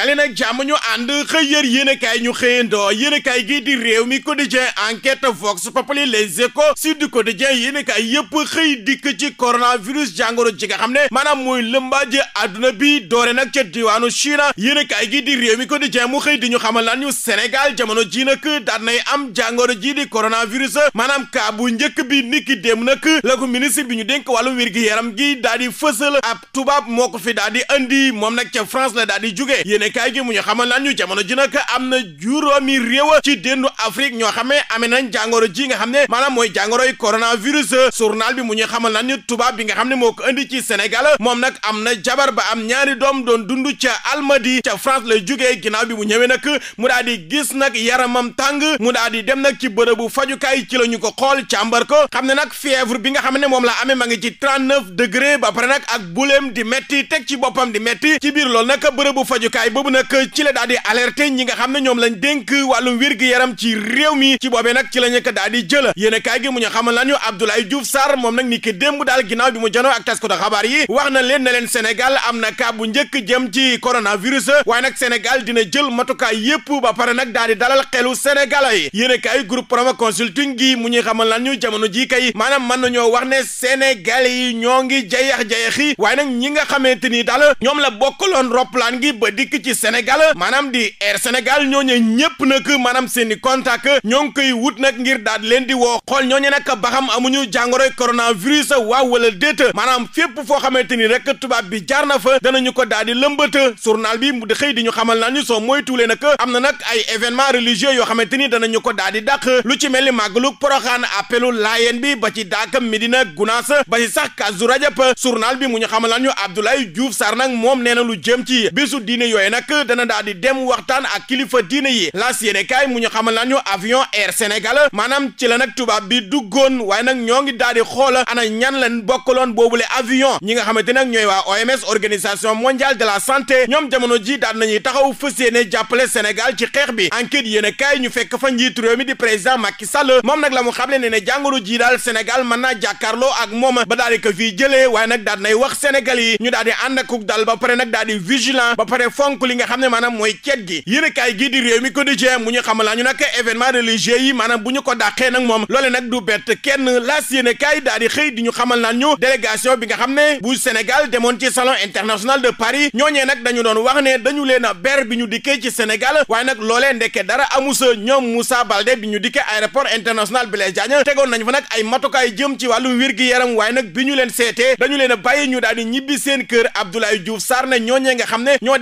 dali nag jàmm ñu ànd xëy yër yéen a ñu xëyandoo yéen a kaay gii di réew mi quotidien enquête vox populi les échos ko quotidien yéen a kaay yëpp xëy dikk ci coronavirus jàngoro ji nga xam ne maanaam mooy lëmbaaje àdduna bi doore nag ca diwaanu China yéen a kaay gii di réew mi quotidien mu xëy di ñu xamal lan ñu Sénégal jamono ji nag daan nay am jàngoro ji di coronavirus maanaam kaa bu njëkk bi niki dem nag la ko ministre bi ñu dénk wàllum wér-gi-yaram gi daal di fësal ab tubaab moo ko fi daal di andi moom nag ca France la daal di jóge kaay gi mu ñu xamal lan ñu jamono ji nag am na juróomi réew ci déndu Afrique ñoo xam ne amee nañ ji nga xam ne maanaam mooy jàngoroy coronavirus journal bi mu ñu xamal lan ñu tubaab bi nga xam ne moo ko indi ci Sénégal moom nag am na jabar ba am ñaari doom doon dund ca Almadi ca France lay jugee ginnaaw bi mu ñëwee nag mu daal di gis nag yaramam tàng mu daal di dem nag ci bërëbu fajukaay ci la ko xool càmbar ko xam ne nag fièvre bi nga xam ne moom la amee ma ngi ci 39 degré ba pare nag ak buleem di metti teg ci boppam di metti ci boobu nag ci la daal di ñi nga xam ne ñoom la dénk wàllum wér-gu-yaram ci réew mi ci boobee nag ci la ñu ko daal di jël yéen kaay gi mu ñu xamal lañu Abdoulaye Diouf Sarr moom nag ni ki démb daal ginnaaw bi mu janoo ak taskatu xabaar yi wax na leen ne leen Sénégal am na cas bu njëkk jëm ci coronavirus waaye nag Sénégal dina jël matukaay yépp ba pare nag daal di dalal xelu Sénégalais yi yéen kaay groupe Promo Consulting gi mu ñuy xamal lañu jamono ji kay maanaam mën nañoo wax ne Sénégalais yi ñoo ngi ñi nga xamante ni daal ñoom la bokkaloon roplaan fii ci Sénégal maanaam di Air Sénégal ñooñu ñëpp nag maanaam seen i contact ñoo ngi koy wut nag ngir daal leen di woo xool ñooñu nag ba xam amuñu jàngoroy coronavirus waaw wala déet maanaam fépp foo xamante ni rek tubaab bi jaar na fa ñu ko daal di lëmbat journal bi mu di xëy di ñu xamal naa ñu soo moytuwulee nag am na nag ay événement religieux yoo xamante ni danañu ko daal di dàq lu ci mel ni màggalu poroxaan appelu laayeen bi ba ci daaka Medina Gunaas ba ci sax Kazu Rajab journal bi mu ñu xamal naa ñu Abdoulaye Diouf Sarr moom nee na lu jëm ci bésu nag dana daal di dem waxtaan ak kilifa diine yi laas yéene kaay mu ñu xamal nañu avion air Sénégal maanaam ci la nag tubaab bi duggoon waaye nag ñoo ngi daal di xool ana ñan lañ bokkaloon boobule avion ñi nga xamante nag ñooy waa OMS organisation mondiale de la santé ñoom jamono ji daal nañuy taxaw fas yéene jàppale Sénégal ci xeex bi enquête yéene kaay ñu fekk fa njiitu réew mi di président Macky Sall moom nag la mu xamle ne ne jàngoro ji daal Sénégal mën naa jàkkaarloo ak moom ba daal di ko jëlee waaye nag daal nay wax Sénégal yi ñu daal ànd ak dal ba pare nag daal di vigilant ba pare fonk samp li nga xam ne maanaam mooy cet gi yéenekaay gii di réew mi quotidien mu ñu xamalaa ñu nag événement religieux yi maanaam bu ñu ko dàqee nag moom loole nag du bett kenn laas yéenekaay daal di xëy di ñu xamal naan ñu délégation bi nga xam ne bu Sénégal demoon ci salon international de Paris ñooñee nag dañu doon wax ne dañu leen a ber bi ñu dikkee ci Sénégal waaye nag loolee ndekke dara amusa ñoom Moussa Baldé bi ñu dikkee aéroport international Blaise Diagne tegoon nañ fa nag ay matukaay jëm ci wàllu wér gi yaram ne ñooñee nga xam ne ñoo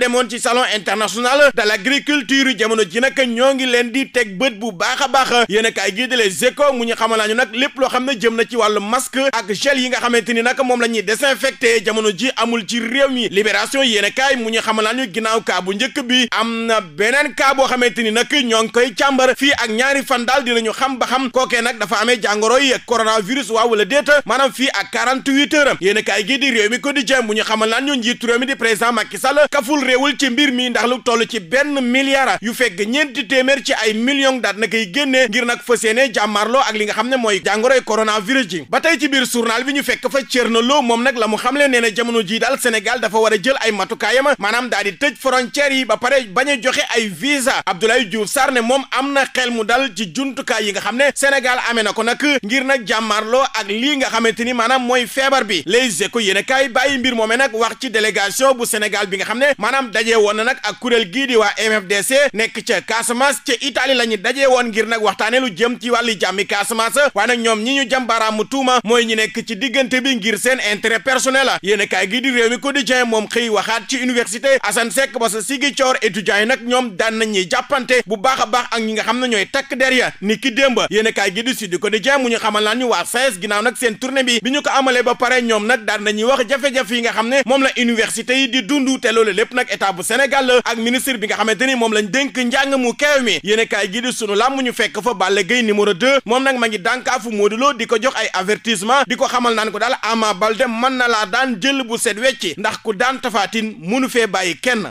salon international de l'agriculture jamono ji nag ñoo ngi leen di teg bët bu baax a baax yéen kaay gii di Les Échos mu ñu xamal ñu nag lépp loo xam ne jëm na ci wàllu masque ak gel yi nga xamante ni moom la ñuy désinfecté jamono ji amul ci réew mi libération yéen a kaay mu ñu xamal ñu ginnaaw kaa bu njëkk bi am na beneen kaa boo xamante ni nag ñoo ngi koy càmbar fii ak ñaari fan daal dinañu xam ba xam kookee nag dafa amee jàngoro yi coronavirus waaw wala déet maanaam fii ak 48 heures yéen a kaay gii ñu xamal ñu njiitu réew mi di président Macky Sall kaful réewul ci mbir mi ndax lu toll ci benn milliard yu fekk ñeenti téeméer ci ay millions daat na koy génnee ngir nag fas yéene jàmmaarloo ak li nga xam ne mooy jàngoroy coronavirus ba tey ci biir journal bi ñu fekk fa Thierno Lo moom nag la mu xamle nee na jamono ji daal Sénégal dafa war a jël ay matukaayam maanaam daal di tëj frontières yi ba pare bañ joxe ay visa Abdoulaye Diouf Sarr ne moom am na xel mu dal ci jumtukaay yi nga xam ne Sénégal amee na ko nag ngir nag jàmmaarloo ak lii nga xamante ni maanaam mooy feebar bi Les Échos yéen a kaay bàyyi mbir moomee nag wax ci délégation bu Sénégal bi nga xam ne maanaam dajee woon na nag ak kuréel gii di waa MFDC nekk ca Casamance ca Italie la ñu dajee woon ngir nag waxtaanee lu jëm ci wàllu jàmmi Casamance waa nag ñoom ñi ñu jàmbaaraamu tuuma mooy ñu nekk ci diggante bi ngir seen intérêt personnel la yéen a kaay gii di réew mi quotidien moom xëy waxaat ci université Assane Seck ba sa Ziguinchor étudiants yi nag ñoom daan nañ ñuy jàppante bu baax a baax ak ñi nga xam ne ñooy takk der ya ni ki démba yéen a kaay gii di Sud Quotidien mu ñu xamal laan ñu waa FES ginnaaw nag seen tournée bi bi ñu ko amalee ba pare ñoom nag daan nañuy wax jafe-jafe yi nga xam ne moom la université di dund te loolu lépp nag état bu Sénégal ak ministre bi nga xamante ni moom lañ dénk njàng mu keew mi yéen a kaay gi di sunu làmb ñu fekk fa Balla Gaye numéro 2 moom nag ma ngi dànkaafu Modou Lo di ko jox ay avertissement di ko xamal naan ko daal Ama Baldé man na laa daan jël bu set wecc ndax ku daan tafaatin mënu fee bàyyi kenn